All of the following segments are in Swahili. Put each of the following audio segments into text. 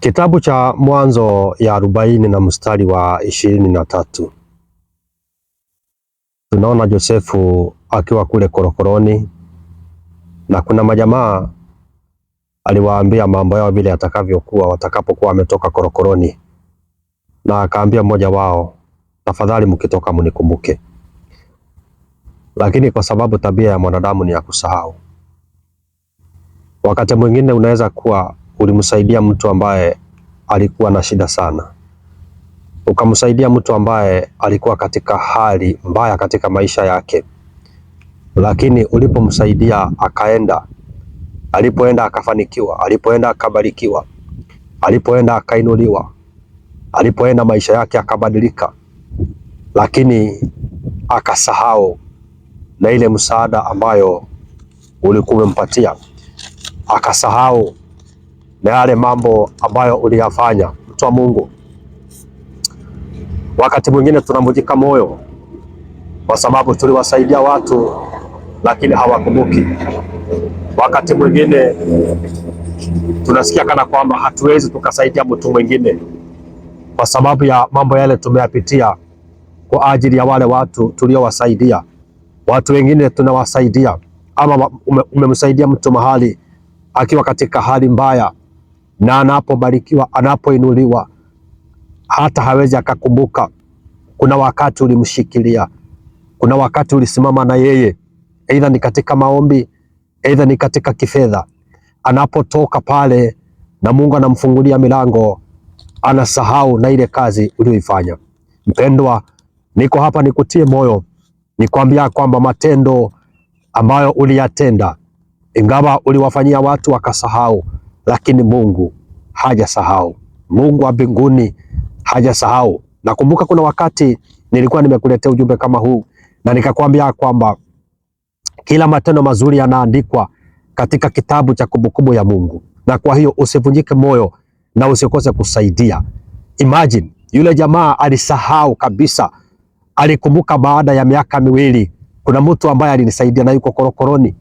Kitabu cha Mwanzo ya arobaini na mstari wa ishirini na tatu tunaona Josefu akiwa kule korokoroni, na kuna majamaa aliwaambia mambo yao vile atakavyokuwa watakapokuwa wametoka korokoroni, na akaambia mmoja wao, tafadhali mkitoka mnikumbuke. Lakini kwa sababu tabia ya mwanadamu ni ya kusahau, wakati mwingine unaweza kuwa ulimsaidia mtu ambaye alikuwa na shida sana, ukamsaidia mtu ambaye alikuwa katika hali mbaya katika maisha yake, lakini ulipomsaidia akaenda, alipoenda akafanikiwa, alipoenda akabarikiwa, alipoenda akainuliwa, alipoenda maisha yake akabadilika, lakini akasahau na ile msaada ambayo ulikuwa umempatia, akasahau na yale mambo ambayo uliyafanya. Mtu wa Mungu, wakati mwingine tunamvunjika moyo kwa sababu tuliwasaidia watu lakini hawakumbuki. Wakati mwingine tunasikia kana kwamba hatuwezi tukasaidia mtu mwingine kwa sababu ya mambo yale tumeyapitia kwa ajili ya wale watu tuliowasaidia. Watu wengine tunawasaidia, ama umemsaidia mtu mahali akiwa katika hali mbaya, na anapobarikiwa, anapoinuliwa, hata hawezi akakumbuka. Kuna wakati ulimshikilia, kuna wakati ulisimama na yeye, aidha ni katika maombi, aidha ni katika kifedha. Anapotoka pale na Mungu anamfungulia milango, anasahau na ile kazi uliyoifanya. Mpendwa, niko hapa nikutie moyo, nikwambia kwamba matendo ambayo uliyatenda, ingawa uliwafanyia watu wakasahau lakini Mungu hajasahau. Mungu wa mbinguni hajasahau. Nakumbuka kuna wakati nilikuwa nimekuletea ujumbe kama huu na nikakwambia kwamba kila matendo mazuri yanaandikwa katika kitabu cha kumbukumbu ya Mungu, na kwa hiyo usivunjike moyo na usikose kusaidia. Imagine yule jamaa alisahau kabisa, alikumbuka baada ya miaka miwili. Kuna mtu ambaye alinisaidia na yuko korokoroni,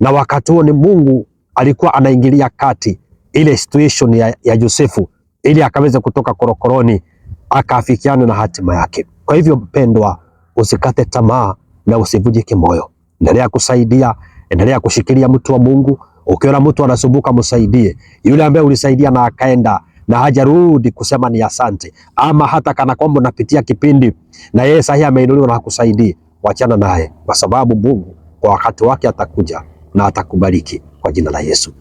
na wakati huo ni Mungu alikuwa anaingilia kati ile situation ya, ya Yosefu ili akaweze kutoka korokoroni akaafikiana na hatima yake. Kwa hivyo mpendwa, usikate tamaa na usivujike moyo, endelea kusaidia, endelea kushikilia mtu wa Mungu. Ukiona mtu anasumbuka, msaidie. Yule ambaye ulisaidia na akaenda na hajarudi kusema ni asante, ama hata kana kwamba unapitia kipindi na yeye sahihi ameinuliwa na hakusaidii, wachana naye, kwa sababu Mungu kwa wakati wake atakuja na atakubariki kwa jina la Yesu.